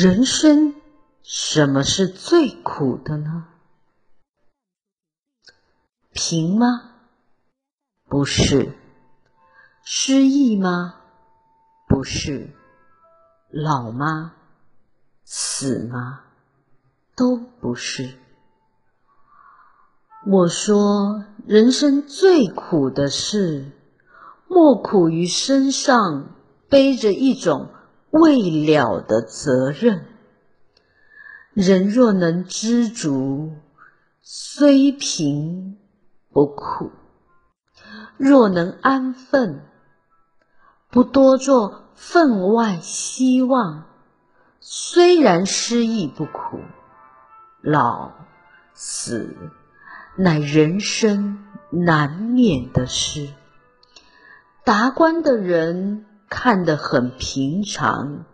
人生什麼是最苦的呢？貧嗎？不是。失意嗎？不是。老嗎？死嗎？都不是。我說，人生最苦的事，莫苦於身上背着一種未了的責任，人若能知足，雖貧不苦；若能安分，不多作分外希望，雖然失意不苦。老死乃人生難免的事，達觀的人。看得很平常，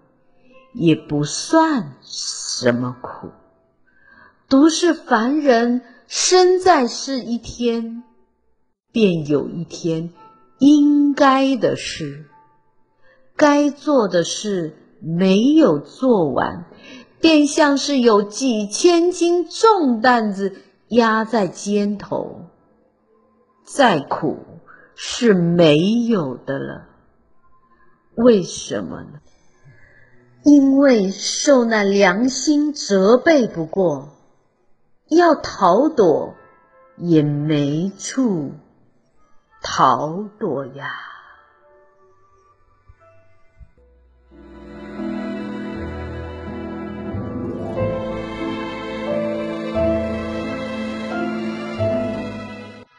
也不算什麼苦。獨是凡人生在世一天，便有一天應該的事。該做的事沒有做完，便像是有幾千斤重擔子壓在肩頭，再苦是沒有的了。為什麼呢？因為受那良心責備不過，要逃躲也沒處逃躲呀。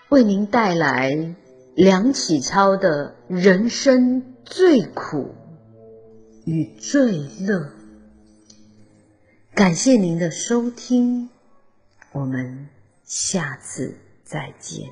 為您帶來。梁啟超的人生最苦與最樂。感謝您的收聽，我們下次再見。